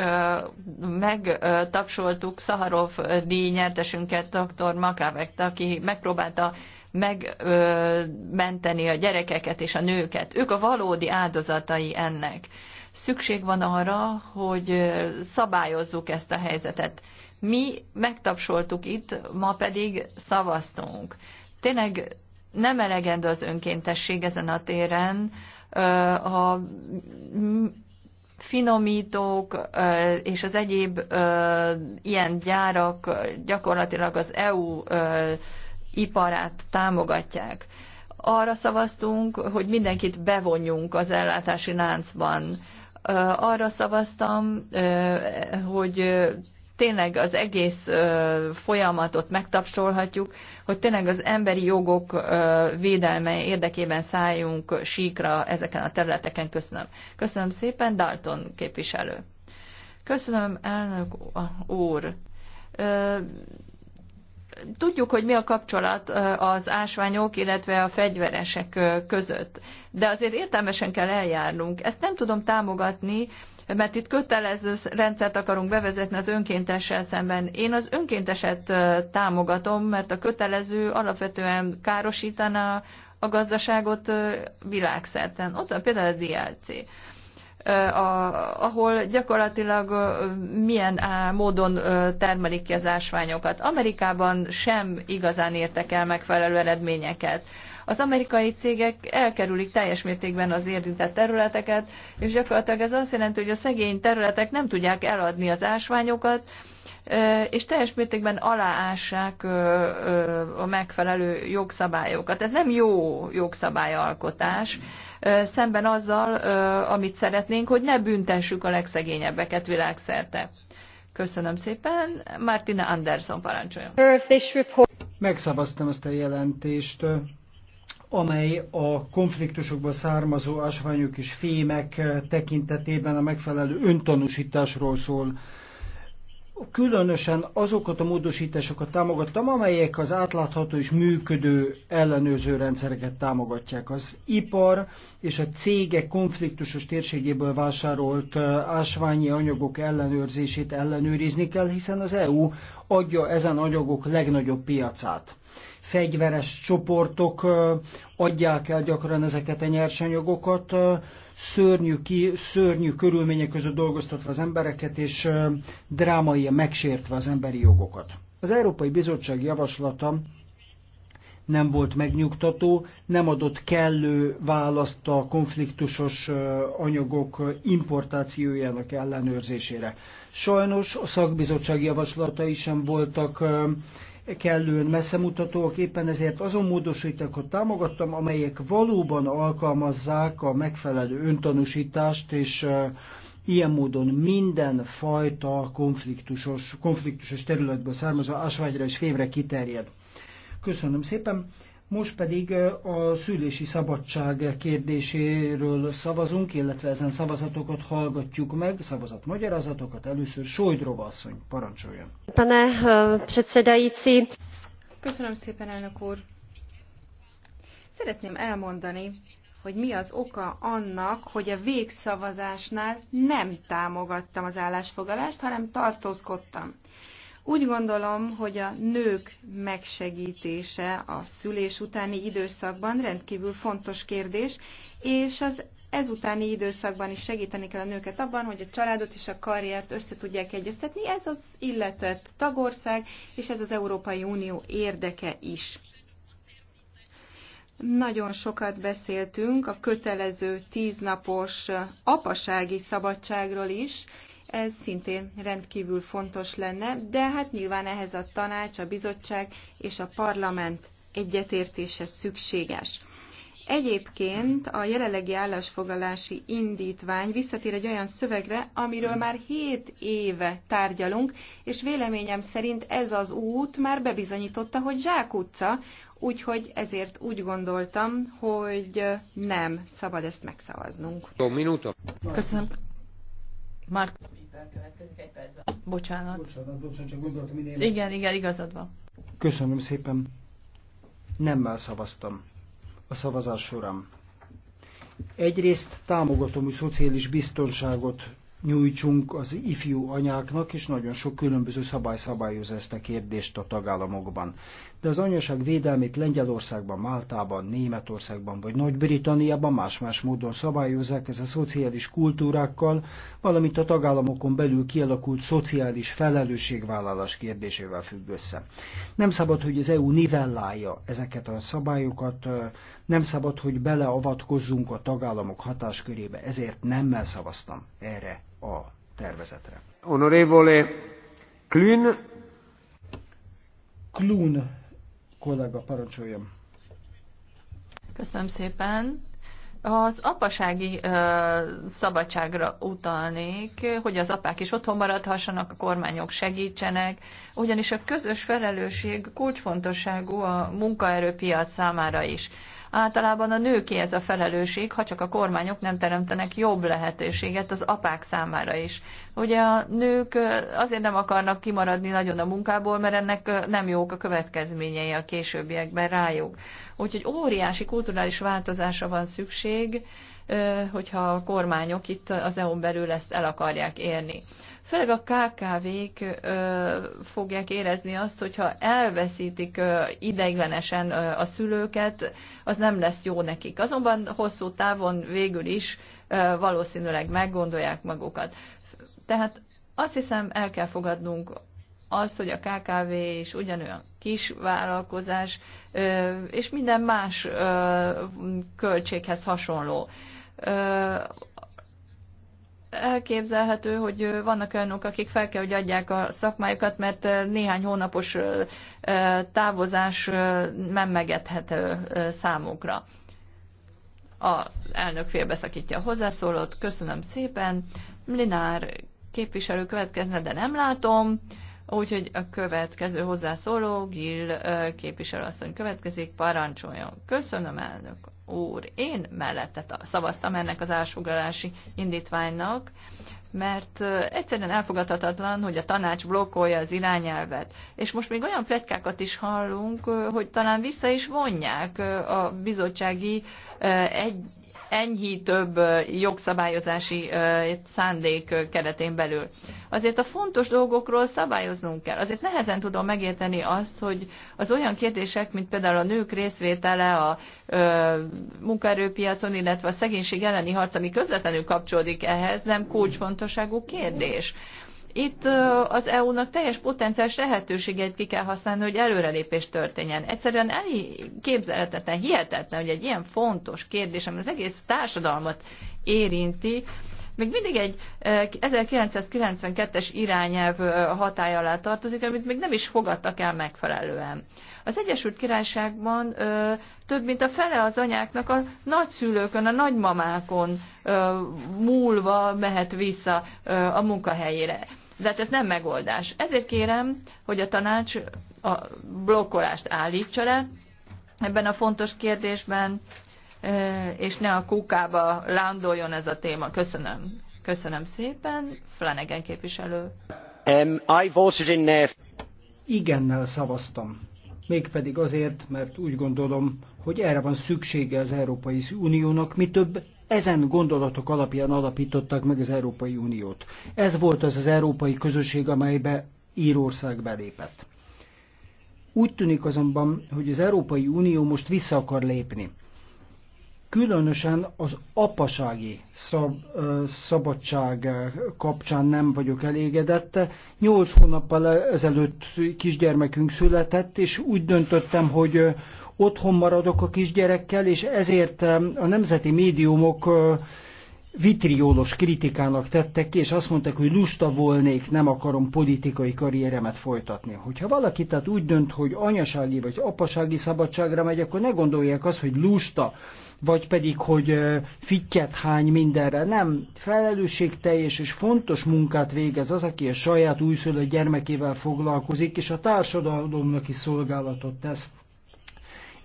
megtapsoltuk Szaharov díj nyertesünket, dr. Makávekt, aki megpróbálta megmenteni a gyerekeket és a nőket. Ők a valódi áldozatai ennek. Szükség van arra, hogy szabályozzuk ezt a helyzetet. Mi megtapsoltuk itt, ma pedig szavaztunk. Tényleg nem elegendő az önkéntesség ezen a téren. ha finomítók és az egyéb ilyen gyárak gyakorlatilag az EU iparát támogatják. Arra szavaztunk, hogy mindenkit bevonjunk az ellátási láncban. Arra szavaztam, hogy tényleg az egész folyamatot megtapsolhatjuk, hogy tényleg az emberi jogok védelme érdekében szálljunk síkra ezeken a területeken. Köszönöm. Köszönöm szépen, Dalton képviselő. Köszönöm, elnök úr. Tudjuk, hogy mi a kapcsolat az ásványok, illetve a fegyveresek között, de azért értelmesen kell eljárnunk. Ezt nem tudom támogatni, mert itt kötelező rendszert akarunk bevezetni az önkéntessel szemben. Én az önkénteset támogatom, mert a kötelező alapvetően károsítana a gazdaságot világszerten. Ott van például a DLC a, ahol gyakorlatilag milyen á, módon termelik ki az ásványokat. Amerikában sem igazán értek el megfelelő eredményeket. Az amerikai cégek elkerülik teljes mértékben az érintett területeket, és gyakorlatilag ez azt jelenti, hogy a szegény területek nem tudják eladni az ásványokat, és teljes mértékben aláássák a megfelelő jogszabályokat. Ez nem jó jogszabályalkotás, szemben azzal, amit szeretnénk, hogy ne büntessük a legszegényebbeket világszerte. Köszönöm szépen. Martina Anderson parancsoljon. Megszavaztam ezt a jelentést amely a konfliktusokból származó ásványok és fémek tekintetében a megfelelő öntanúsításról szól. Különösen azokat a módosításokat támogattam, amelyek az átlátható és működő ellenőrző rendszereket támogatják. Az ipar és a cégek konfliktusos térségéből vásárolt ásványi anyagok ellenőrzését ellenőrizni kell, hiszen az EU adja ezen anyagok legnagyobb piacát fegyveres csoportok adják el gyakran ezeket a nyersanyagokat, szörnyű, ki, szörnyű körülmények között dolgoztatva az embereket, és drámai megsértve az emberi jogokat. Az Európai Bizottság javaslata nem volt megnyugtató, nem adott kellő választ a konfliktusos anyagok importációjának ellenőrzésére. Sajnos a szakbizottság javaslatai sem voltak kellően messzemutatóak, éppen ezért azon módosítókat támogattam, amelyek valóban alkalmazzák a megfelelő öntanúsítást, és ilyen módon minden fajta konfliktusos, konfliktusos területből származó ásványra és fémre kiterjed. Köszönöm szépen. Most pedig a szülési szabadság kérdéséről szavazunk, illetve ezen szavazatokat hallgatjuk meg, szavazat magyarázatokat. Először Sojdrova asszony, parancsoljon. Pane předsedající. Köszönöm szépen, elnök úr. Szeretném elmondani, hogy mi az oka annak, hogy a végszavazásnál nem támogattam az állásfoglalást, hanem tartózkodtam. Úgy gondolom, hogy a nők megsegítése a szülés utáni időszakban rendkívül fontos kérdés, és az ezutáni időszakban is segíteni kell a nőket abban, hogy a családot és a karriert össze tudják egyeztetni. Ez az illetett tagország, és ez az Európai Unió érdeke is. Nagyon sokat beszéltünk a kötelező tíznapos apasági szabadságról is, ez szintén rendkívül fontos lenne, de hát nyilván ehhez a tanács, a bizottság és a parlament egyetértése szükséges. Egyébként a jelenlegi állásfoglalási indítvány visszatér egy olyan szövegre, amiről már 7 éve tárgyalunk, és véleményem szerint ez az út már bebizonyította, hogy zsákutca, úgyhogy ezért úgy gondoltam, hogy nem szabad ezt megszavaznunk. Köszönöm. Mark következik egy percben. Bocsánat. Bocsánat, bocsánat, csak gondoltam, idén. Igen, igen, igazad van. Köszönöm szépen. Nemmel szavaztam a szavazás során. Egyrészt támogatom hogy szociális biztonságot nyújtsunk az ifjú anyáknak, és nagyon sok különböző szabály szabályoz ezt a kérdést a tagállamokban. De az anyaság védelmét Lengyelországban, Máltában, Németországban vagy Nagy-Britanniában más-más módon szabályozzák ez a szociális kultúrákkal, valamint a tagállamokon belül kialakult szociális felelősségvállalás kérdésével függ össze. Nem szabad, hogy az EU nivellálja ezeket a szabályokat, nem szabad, hogy beleavatkozzunk a tagállamok hatáskörébe, ezért nemmel szavaztam erre a tervezetre. Honorevole Klün. Klün kollega parancsoljam. Köszönöm szépen. Az apasági ö, szabadságra utalnék, hogy az apák is otthon maradhassanak, a kormányok segítsenek, ugyanis a közös felelősség kulcsfontosságú a munkaerőpiac számára is. Általában a nőké ez a felelősség, ha csak a kormányok nem teremtenek jobb lehetőséget az apák számára is. Ugye a nők azért nem akarnak kimaradni nagyon a munkából, mert ennek nem jók a következményei a későbbiekben rájuk. Úgyhogy óriási kulturális változásra van szükség, hogyha a kormányok itt az EU-n belül ezt el akarják érni. Főleg a KKV-k fogják érezni azt, hogyha elveszítik ö, ideiglenesen a szülőket, az nem lesz jó nekik. Azonban hosszú távon végül is valószínűleg meggondolják magukat. Tehát azt hiszem el kell fogadnunk az, hogy a KKV is ugyanolyan kis vállalkozás, és minden más költséghez hasonló elképzelhető, hogy vannak olyanok, akik fel kell, hogy adják a szakmájukat, mert néhány hónapos távozás nem megethető számukra. A elnök félbeszakítja a hozzászólót. Köszönöm szépen. Linár képviselő következne, de nem látom. Úgyhogy a következő hozzászóló, Gil képviselőasszony következik, parancsoljon. Köszönöm, elnök úr. Én mellette szavaztam ennek az ásugalási indítványnak, mert egyszerűen elfogadhatatlan, hogy a tanács blokkolja az irányelvet. És most még olyan pletykákat is hallunk, hogy talán vissza is vonják a bizottsági egy enyhítőbb jogszabályozási szándék keretén belül. Azért a fontos dolgokról szabályoznunk kell. Azért nehezen tudom megérteni azt, hogy az olyan kérdések, mint például a nők részvétele a munkaerőpiacon, illetve a szegénység elleni harc, ami közvetlenül kapcsolódik ehhez, nem kulcsfontosságú kérdés. Itt az EU-nak teljes potenciális lehetőséget ki kell használni, hogy előrelépés történjen. Egyszerűen elképzelhetetlen, hihetetlen, hogy egy ilyen fontos kérdés, ami az egész társadalmat érinti, még mindig egy 1992-es irányelv hatája alá tartozik, amit még nem is fogadtak el megfelelően. Az Egyesült Királyságban több mint a fele az anyáknak a nagyszülőkön, a nagymamákon múlva mehet vissza a munkahelyére de hát ez nem megoldás. Ezért kérem, hogy a tanács a blokkolást állítsa le ebben a fontos kérdésben, e, és ne a kukába lándoljon ez a téma. Köszönöm. Köszönöm szépen. Flanagan képviselő. Um, I voted in there. Uh, Igennel szavaztam. Mégpedig azért, mert úgy gondolom, hogy erre van szüksége az Európai Uniónak, mi több ezen gondolatok alapján alapították meg az Európai Uniót. Ez volt az az európai közösség, amelybe Írország belépett. Úgy tűnik azonban, hogy az Európai Unió most vissza akar lépni. Különösen az apasági szab, szabadság kapcsán nem vagyok elégedett. Nyolc hónappal ezelőtt kisgyermekünk született, és úgy döntöttem, hogy otthon maradok a kisgyerekkel, és ezért a nemzeti médiumok vitriólos kritikának tettek ki, és azt mondták, hogy lusta volnék, nem akarom politikai karrieremet folytatni. Hogyha valaki tehát úgy dönt, hogy anyasági vagy apasági szabadságra megy, akkor ne gondolják azt, hogy lusta, vagy pedig, hogy fittyet hány mindenre. Nem, felelősségteljes és fontos munkát végez az, aki a saját újszülött gyermekével foglalkozik, és a társadalomnak is szolgálatot tesz.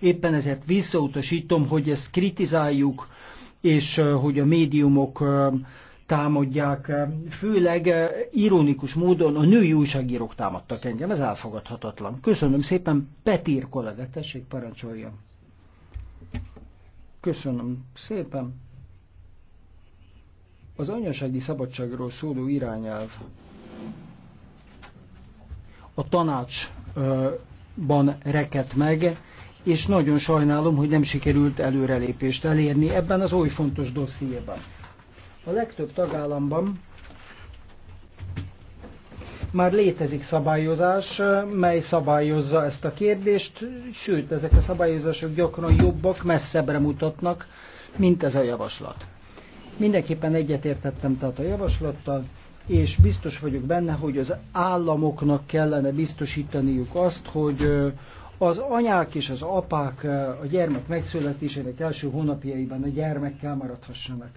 Éppen ezért visszautasítom, hogy ezt kritizáljuk, és hogy a médiumok támadják. Főleg ironikus módon a női újságírók támadtak engem, ez elfogadhatatlan. Köszönöm szépen, Petír kollega, tessék parancsolja. Köszönöm szépen. Az anyasági szabadságról szóló irányelv a tanácsban reket meg, és nagyon sajnálom, hogy nem sikerült előrelépést elérni ebben az oly fontos dossziéban. A legtöbb tagállamban már létezik szabályozás, mely szabályozza ezt a kérdést, sőt, ezek a szabályozások gyakran jobbak, messzebbre mutatnak, mint ez a javaslat. Mindenképpen egyetértettem tehát a javaslattal, és biztos vagyok benne, hogy az államoknak kellene biztosítaniuk azt, hogy az anyák és az apák eh, a gyermek megszületésének első hónapjaiban a gyermekkel maradhassanak.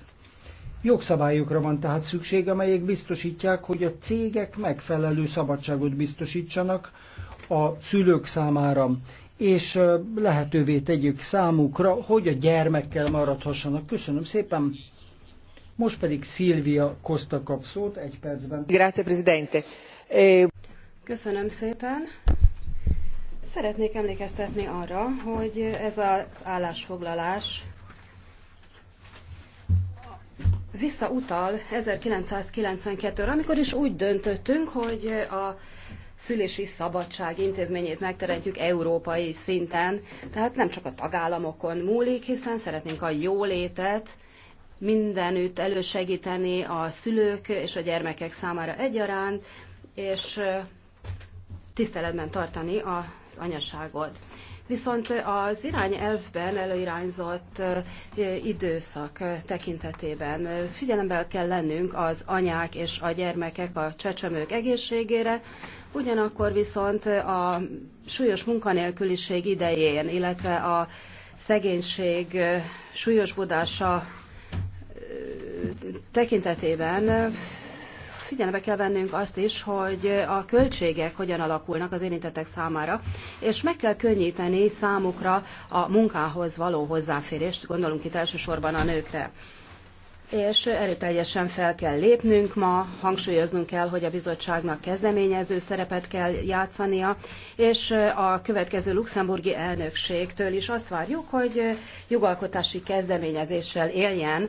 Jogszabályokra van tehát szükség, amelyek biztosítják, hogy a cégek megfelelő szabadságot biztosítsanak a szülők számára, és eh, lehetővé tegyük számukra, hogy a gyermekkel maradhassanak. Köszönöm szépen! Most pedig Szilvia Kosta kap szót egy percben. Grazie, Presidente. Eh, Köszönöm szépen. Szeretnék emlékeztetni arra, hogy ez az állásfoglalás visszautal 1992-re, amikor is úgy döntöttünk, hogy a szülési szabadság intézményét megteremtjük európai szinten, tehát nem csak a tagállamokon múlik, hiszen szeretnénk a jólétet mindenütt elősegíteni a szülők és a gyermekek számára egyaránt, és tiszteletben tartani a anyaságod. Viszont az irányelvben előirányzott időszak tekintetében figyelembe kell lennünk az anyák és a gyermekek, a csecsemők egészségére, ugyanakkor viszont a súlyos munkanélküliség idején, illetve a szegénység súlyosbodása tekintetében figyelembe kell vennünk azt is, hogy a költségek hogyan alakulnak az érintettek számára, és meg kell könnyíteni számukra a munkához való hozzáférést, gondolunk itt elsősorban a nőkre. És erőteljesen fel kell lépnünk ma, hangsúlyoznunk kell, hogy a bizottságnak kezdeményező szerepet kell játszania, és a következő luxemburgi elnökségtől is azt várjuk, hogy jogalkotási kezdeményezéssel éljen,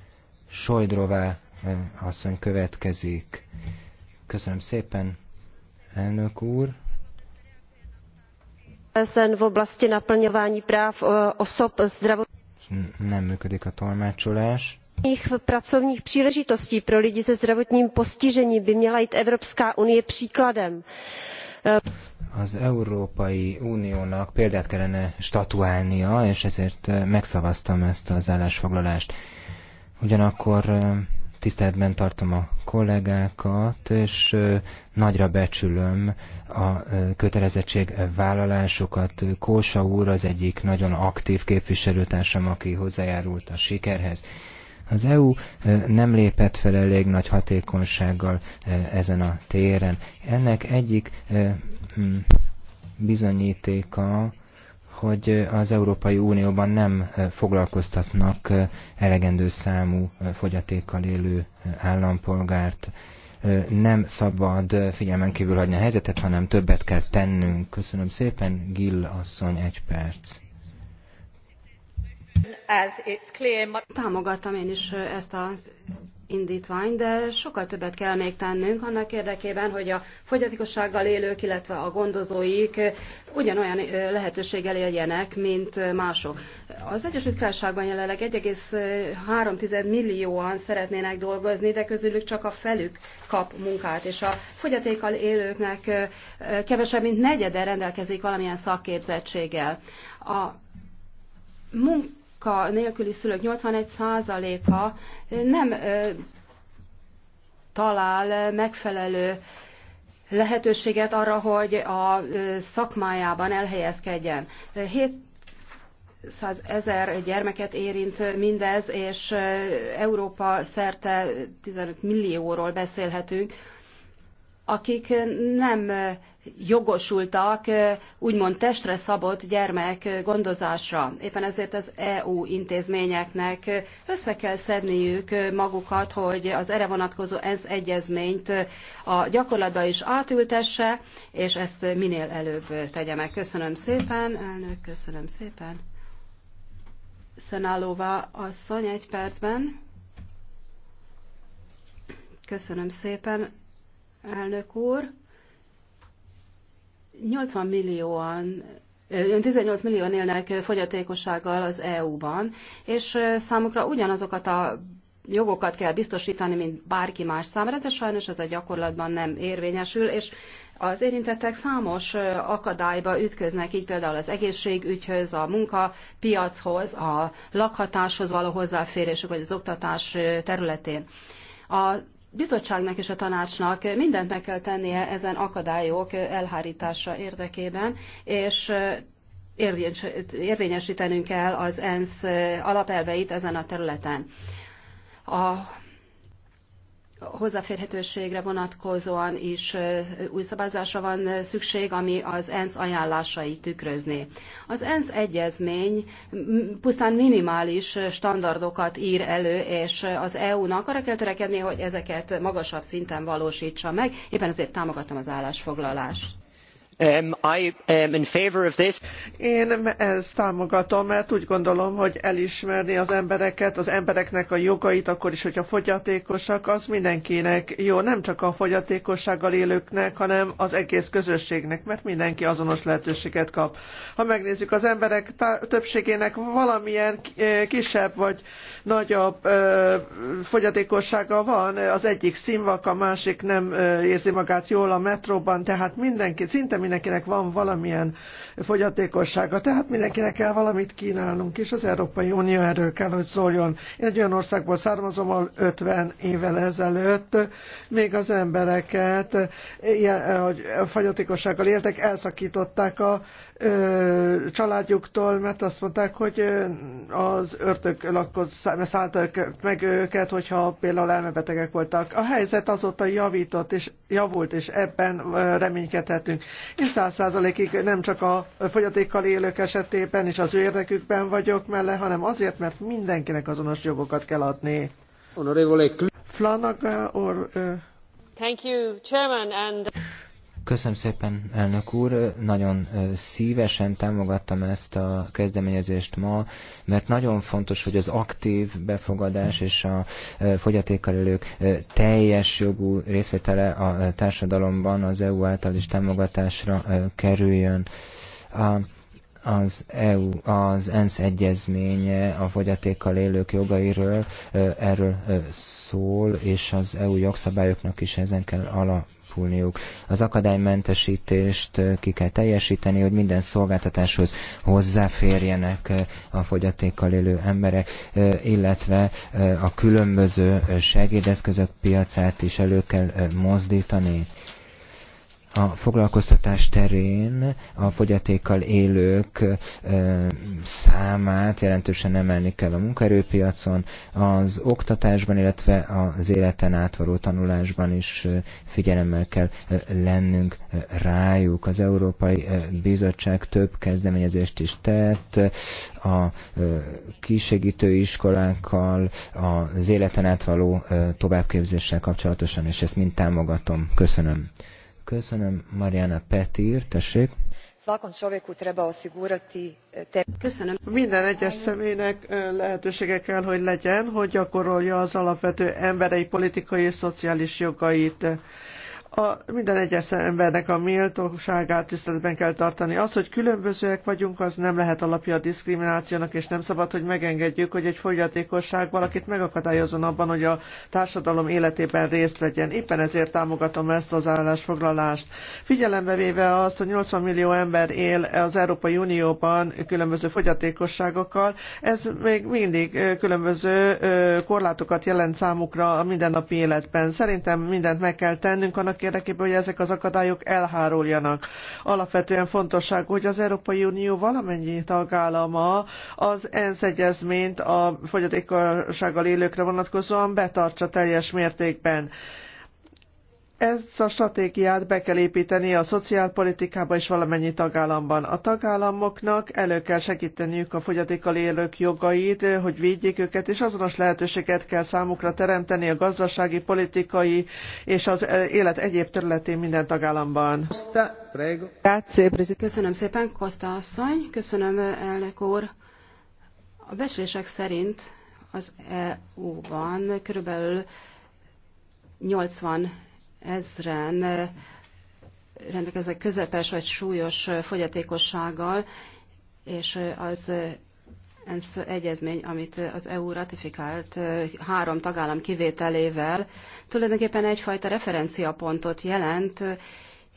Sojdrová eh, asszony következik. Köszönöm szépen, elnök úr. v oblasti naplňování práv eh, osob zdravot... Nem működik a tolmácsolás. pracovních příležitostí pro lidi se zdravotním postižením by měla jít Evropská unie příkladem eh, az Európai Uniónak példát kellene statuálnia, és ezért megszavaztam ezt az állásfoglalást. Ugyanakkor tiszteletben tartom a kollégákat, és nagyra becsülöm a kötelezettség vállalásokat. Kósa úr az egyik nagyon aktív képviselőtársam, aki hozzájárult a sikerhez. Az EU nem lépett fel elég nagy hatékonysággal ezen a téren. Ennek egyik bizonyítéka hogy az Európai Unióban nem eh, foglalkoztatnak eh, elegendő számú eh, fogyatékkal élő állampolgárt. Nem szabad figyelmen kívül hagyni a helyzetet, hanem többet kell tennünk. Köszönöm szépen, Gill asszony, egy perc. Támogattam én is ezt az indítvány, de sokkal többet kell még tennünk annak érdekében, hogy a fogyatékossággal élők, illetve a gondozóik eh, ugyanolyan eh, lehetőséggel éljenek, mint eh, mások. Az Egyesült Királyságban jelenleg 1,3 millióan szeretnének dolgozni, de közülük csak a felük kap munkát, és a fogyatékkal élőknek kevesebb, mint negyede rendelkezik valamilyen szakképzettséggel. A munka a nélküli szülők 81%-a nem talál megfelelő lehetőséget arra, hogy a szakmájában elhelyezkedjen. 700 ezer gyermeket érint mindez, és Európa szerte 15 millióról beszélhetünk, akik nem jogosultak úgymond testre szabott gyermek gondozásra. Éppen ezért az EU intézményeknek össze kell szedniük magukat, hogy az erre vonatkozó ENSZ egyezményt a gyakorlatba is átültesse, és ezt minél előbb tegye meg. Köszönöm szépen, elnök, köszönöm szépen. Szönálóvá asszony egy percben. Köszönöm szépen, elnök úr. 80 millióan 18 millióan élnek fogyatékossággal az EU-ban, és számukra ugyanazokat a jogokat kell biztosítani, mint bárki más számára, de sajnos ez a gyakorlatban nem érvényesül, és az érintettek számos akadályba ütköznek, így például az egészségügyhöz, a munkapiachoz, a lakhatáshoz való hozzáférésük, vagy az oktatás területén. A bizottságnak és a tanácsnak mindent meg kell tennie ezen akadályok elhárítása érdekében, és érvényesítenünk kell az ENSZ alapelveit ezen a területen. A hozzáférhetőségre vonatkozóan is új szabályzásra van szükség, ami az ENSZ ajánlásai tükrözni. Az ENSZ egyezmény pusztán minimális standardokat ír elő, és az EU-nak arra kell törekedni, hogy ezeket magasabb szinten valósítsa meg. Éppen ezért támogatom az állásfoglalást. Um, um, Én ezt támogatom, mert úgy gondolom, hogy elismerni az embereket, az embereknek a jogait, akkor is, hogyha fogyatékosak, az mindenkinek jó, nem csak a fogyatékossággal élőknek, hanem az egész közösségnek, mert mindenki azonos lehetőséget kap. Ha megnézzük, az emberek többségének valamilyen eh, kisebb vagy nagyobb eh, fogyatékossága van, az egyik színvak, a másik nem eh, érzi magát jól a metróban, tehát mindenki, szinte mindenki mindenkinek van valamilyen fogyatékossága. Tehát mindenkinek kell valamit kínálnunk, és az Európai Unió erről kell, hogy szóljon. Én egy olyan országból származom, ahol 50 évvel ezelőtt még az embereket, hogy fogyatékossággal éltek, elszakították a családjuktól, mert azt mondták, hogy az örtök lakott, szálltak meg őket, hogyha például elmebetegek voltak. A helyzet azóta javított és javult, és ebben reménykedhetünk. És száz százalékig nem csak a fogyatékkal élők esetében is az ő érdekükben vagyok mellé, hanem azért, mert mindenkinek azonos jogokat kell adni. Flanaga or, uh... Thank you, Chairman, and... Köszönöm szépen, elnök úr. Nagyon szívesen támogattam ezt a kezdeményezést ma, mert nagyon fontos, hogy az aktív befogadás és a fogyatékkal élők teljes jogú részvétele a társadalomban az EU által is támogatásra kerüljön. A, az EU, az ENSZ egyezménye a fogyatékkal élők jogairól erről szól, és az EU jogszabályoknak is ezen kell alapulniuk. Az akadálymentesítést ki kell teljesíteni, hogy minden szolgáltatáshoz hozzáférjenek a fogyatékkal élő emberek, illetve a különböző segédeszközök piacát is elő kell mozdítani a foglalkoztatás terén a fogyatékkal élők számát jelentősen emelni kell a munkaerőpiacon, az oktatásban, illetve az életen átvaló tanulásban is figyelemmel kell lennünk rájuk. Az Európai Bizottság több kezdeményezést is tett, a kisegítő iskolákkal, az életen átvaló továbbképzéssel kapcsolatosan, és ezt mind támogatom. Köszönöm. Köszönöm, Mariana Petir, tessék. Köszönöm. Minden egyes személynek lehetősége kell, hogy legyen, hogy gyakorolja az alapvető emberi, politikai és szociális jogait a minden egyes embernek a méltóságát tiszteletben kell tartani. Az, hogy különbözőek vagyunk, az nem lehet alapja a diszkriminációnak, és nem szabad, hogy megengedjük, hogy egy fogyatékosság valakit megakadályozon abban, hogy a társadalom életében részt vegyen. Éppen ezért támogatom ezt az állásfoglalást. Figyelembe véve azt, hogy 80 millió ember él az Európai Unióban különböző fogyatékosságokkal, ez még mindig különböző korlátokat jelent számukra a mindennapi életben. Szerintem mindent meg kell tennünk annak érdekében, hogy ezek az akadályok elháruljanak. Alapvetően fontosság, hogy az Európai Unió valamennyi tagállama az ENSZ egyezményt a fogyatékossággal élőkre vonatkozóan betartsa teljes mértékben. Ezt a stratégiát be kell építeni a szociálpolitikába és valamennyi tagállamban. A tagállamoknak elő kell segíteniük a fogyatékkal élők jogait, hogy védjék őket, és azonos lehetőséget kell számukra teremteni a gazdasági, politikai és az élet egyéb területén minden tagállamban. Köszönöm szépen, Kosta asszony. Köszönöm, elnök úr. A beszélések szerint az EU-ban körülbelül 80 ezren rendelkeznek közepes vagy súlyos fogyatékossággal, és az egyezmény, amit az EU ratifikált három tagállam kivételével, tulajdonképpen egyfajta referenciapontot jelent,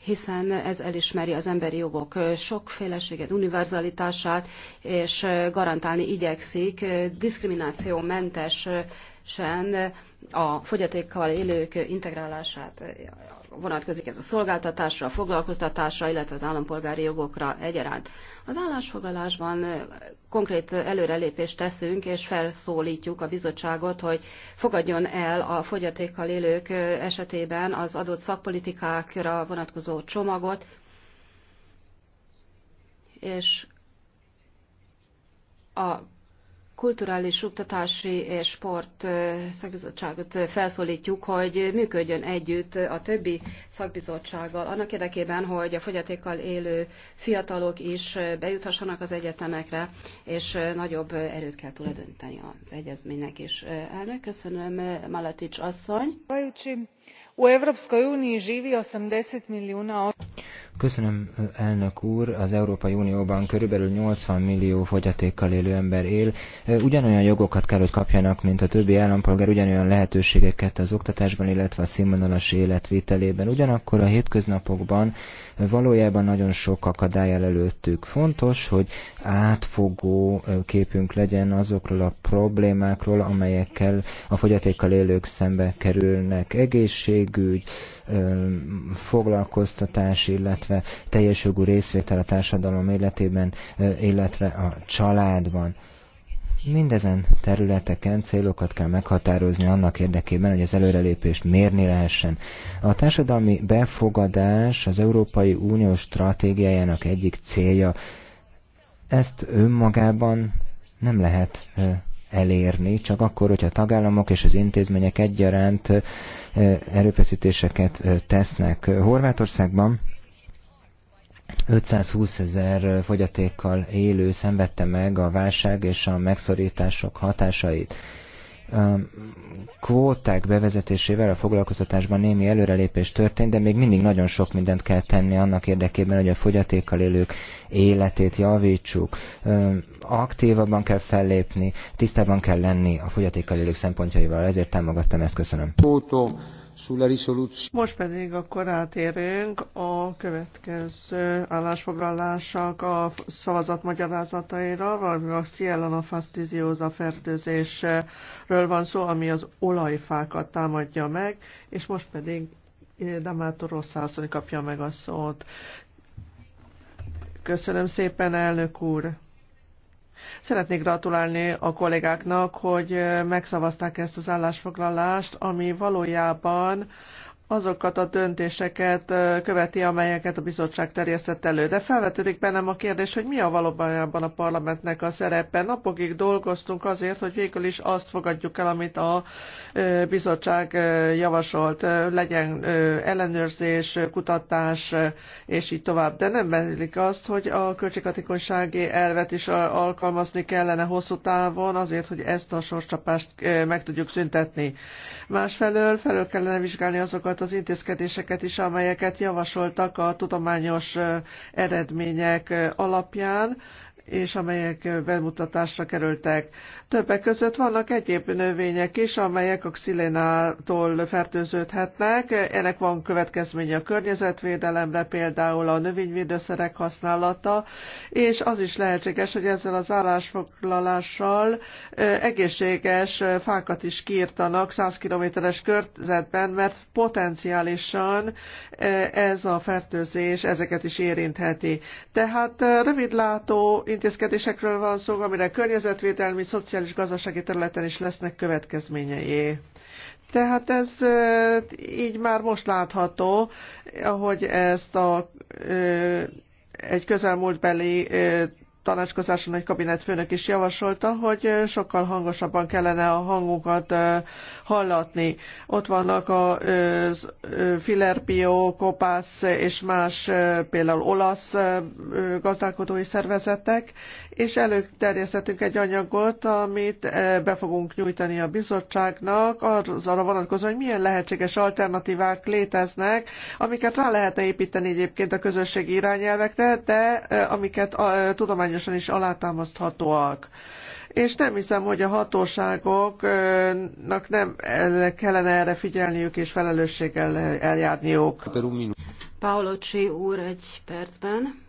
hiszen ez elismeri az emberi jogok sokféleséget, univerzalitását, és garantálni igyekszik diszkriminációmentes különösen a fogyatékkal élők integrálását vonatkozik ez a szolgáltatásra, a foglalkoztatásra, illetve az állampolgári jogokra egyaránt. Az állásfoglalásban konkrét előrelépést teszünk, és felszólítjuk a bizottságot, hogy fogadjon el a fogyatékkal élők esetében az adott szakpolitikákra vonatkozó csomagot, és a kulturális oktatási és sport szakbizottságot felszólítjuk, hogy működjön együtt a többi szakbizottsággal, annak érdekében, hogy a fogyatékkal élő fiatalok is bejuthassanak az egyetemekre, és nagyobb erőt kell tulajdonítani az egyezménynek is. Elnök, köszönöm, Malatics asszony. U Európskoj uniji 80 milijuna Köszönöm, elnök úr. Az Európai Unióban körülbelül 80 millió fogyatékkal élő ember él. Ugyanolyan jogokat kell, hogy kapjanak, mint a többi állampolgár, ugyanolyan lehetőségeket az oktatásban, illetve a színvonalas életvételében. Ugyanakkor a hétköznapokban valójában nagyon sok akadály el előttük. Fontos, hogy átfogó képünk legyen azokról a problémákról, amelyekkel a fogyatékkal élők szembe kerülnek. Egészségügy, foglalkoztatás, illetve teljes jogú részvétel a társadalom életében, illetve a családban. Mindezen területeken célokat kell meghatározni annak érdekében, hogy az előrelépést mérni lehessen. A társadalmi befogadás az Európai Unió stratégiájának egyik célja. Ezt önmagában nem lehet elérni, csak akkor, hogyha a tagállamok és az intézmények egyaránt erőfeszítéseket tesznek. Horvátországban 520 ezer fogyatékkal élő szenvedte meg a válság és a megszorítások hatásait. Kvóták bevezetésével a foglalkoztatásban némi előrelépés történt, de még mindig nagyon sok mindent kell tenni annak érdekében, hogy a fogyatékkal élők életét javítsuk aktívabban kell fellépni, tisztában kell lenni a fogyatékkal élők szempontjaival, ezért támogattam ezt, köszönöm. Most pedig akkor átérünk a következő állásfoglalások a szavazat magyarázataira, valami a Cielana fastidiosa fertőzésről van szó, ami az olajfákat támadja meg, és most pedig eh, Damátor Rosszászony kapja meg a szót. Köszönöm szépen, elnök úr! Szeretnék gratulálni a kollégáknak, hogy megszavazták ezt az állásfoglalást, ami valójában azokat a döntéseket követi, amelyeket a bizottság terjesztett elő. De felvetődik bennem a kérdés, hogy mi a valóban a parlamentnek a szerepe. Napokig dolgoztunk azért, hogy végül is azt fogadjuk el, amit a bizottság javasolt. Legyen ellenőrzés, kutatás, és így tovább. De nem belülik azt, hogy a költséghatékonysági elvet is alkalmazni kellene hosszú távon azért, hogy ezt a sorscsapást meg tudjuk szüntetni. Másfelől felül kellene vizsgálni azokat, azokat az intézkedéseket is, amelyeket javasoltak a tudományos eredmények alapján, és amelyek bemutatásra kerültek. Többek között vannak egyéb növények is, amelyek a xilénától fertőződhetnek. Ennek van következménye a környezetvédelemre, például a növényvédőszerek használata, és az is lehetséges, hogy ezzel az állásfoglalással egészséges fákat is kiirtanak 100 kilométeres körzetben, mert potenciálisan ez a fertőzés ezeket is érintheti. Tehát rövidlátó intézkedésekről van szó, amire környezetvédelmi, szociális, gazdasági területen is lesznek következményei. Tehát ez így már most látható, hogy ezt a egy közelmúltbeli tanácskozáson egy kabinetfőnök is javasolta, hogy sokkal hangosabban kellene a hangunkat hallatni. Ott vannak a Filerpio, Kopász és más például olasz gazdálkodói szervezetek, és előterjesztettünk egy anyagot, amit be fogunk nyújtani a bizottságnak, az arra vonatkozóan, hogy milyen lehetséges alternatívák léteznek, amiket rá lehetne építeni egyébként a közösségi irányelvekre, de amiket a tudományos tudományosan is alátámaszthatóak és nem hiszem, hogy a hatóságoknak nem kellene erre figyelniük és felelősséggel eljárniuk. Paolocsi úr egy percben.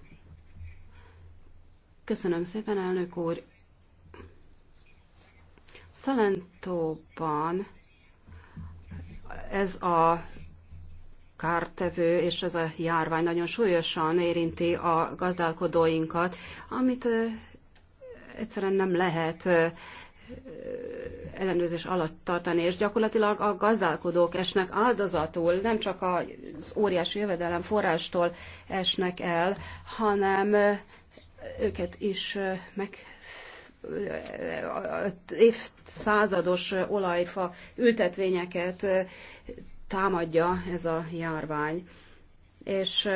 Köszönöm szépen, elnök úr. Szalentóban ez a kártevő, és ez a járvány nagyon súlyosan érinti a gazdálkodóinkat, amit egyszerűen nem lehet ellenőrzés alatt tartani, és gyakorlatilag a gazdálkodók esnek áldozatul, nem csak az óriási jövedelem forrástól esnek el, hanem őket is meg évszázados olajfa ültetvényeket támadja ez a járvány. És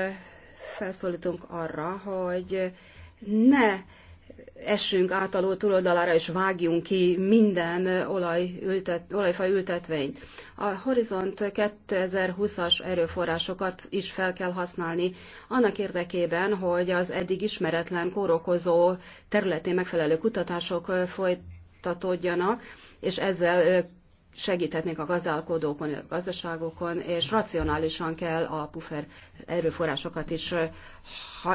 felszólítunk arra, hogy ne essünk átaló túloldalára és vágjunk ki minden ültet, olajfaj ültetvényt. A Horizont 2020-as erőforrásokat is fel kell használni annak érdekében, hogy az eddig ismeretlen kórokozó területén megfelelő kutatások folytatódjanak, és ezzel segíthetnénk a gazdálkodókon, a gazdaságokon, és racionálisan kell a puffer erőforrásokat is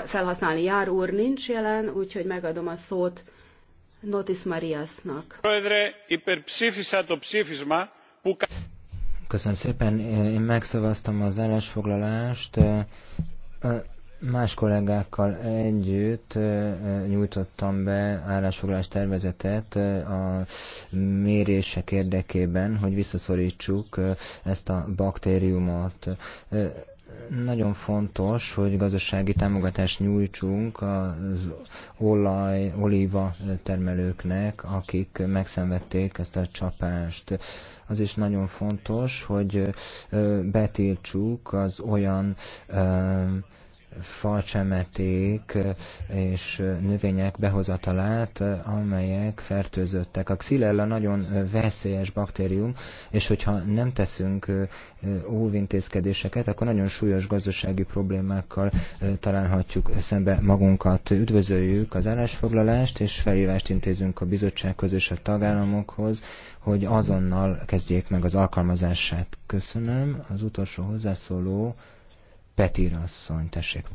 felhasználni. Jár úr nincs jelen, úgyhogy megadom a szót Notis Mariasnak. Köszönöm szépen, én megszavaztam az állásfoglalást, Más kollégákkal együtt nyújtottam be állásfoglalás tervezetet a mérések érdekében, hogy visszaszorítsuk ezt a baktériumot nagyon fontos, hogy gazdasági támogatást nyújtsunk az olaj, olíva termelőknek, akik megszenvedték ezt a csapást. Az is nagyon fontos, hogy betiltsuk az olyan facsemeték és növények behozatalát, amelyek fertőzöttek. A xilella nagyon veszélyes baktérium, és hogyha nem teszünk óvintézkedéseket, akkor nagyon súlyos gazdasági problémákkal találhatjuk szembe magunkat. Üdvözöljük az állásfoglalást, és felhívást intézünk a bizottsághoz és a tagállamokhoz, hogy azonnal kezdjék meg az alkalmazását. Köszönöm. Az utolsó hozzászóló petir asszony tessék.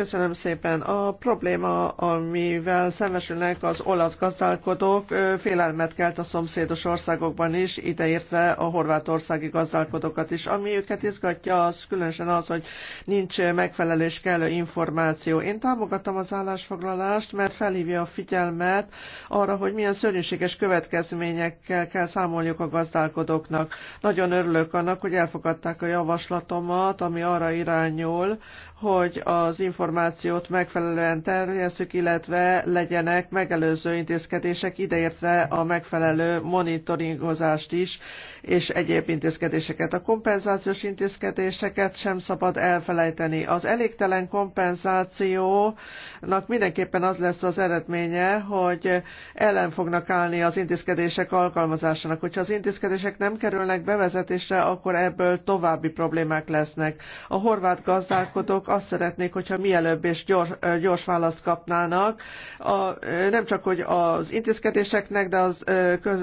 Köszönöm szépen. A probléma, amivel szembesülnek az olasz gazdálkodók, félelmet kelt a szomszédos országokban is, ideértve a horvátországi gazdálkodókat is. Ami őket izgatja, az különösen az, hogy nincs megfelelés kellő információ. Én támogattam az állásfoglalást, mert felhívja a figyelmet arra, hogy milyen szörnyűséges következményekkel kell számolniuk a gazdálkodóknak. Nagyon örülök annak, hogy elfogadták a javaslatomat, ami arra irányul, hogy az információ információt megfelelően terjesszük, illetve legyenek megelőző intézkedések, ideértve a megfelelő monitoringozást is, és egyéb intézkedéseket. A kompenzációs intézkedéseket sem szabad elfelejteni. Az elégtelen kompenzációnak mindenképpen az lesz az eredménye, hogy ellen fognak állni az intézkedések alkalmazásának. Hogyha az intézkedések nem kerülnek bevezetésre, akkor ebből további problémák lesznek. A horvát gazdálkodók azt szeretnék, hogyha mi mielőbb és gyors, gyors választ kapnának, a, nem csak hogy az intézkedéseknek, de az,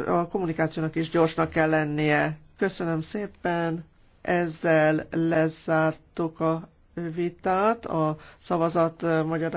a kommunikációnak is gyorsnak kell lennie. Köszönöm szépen, ezzel lezártuk a vitát, a szavazat magyar.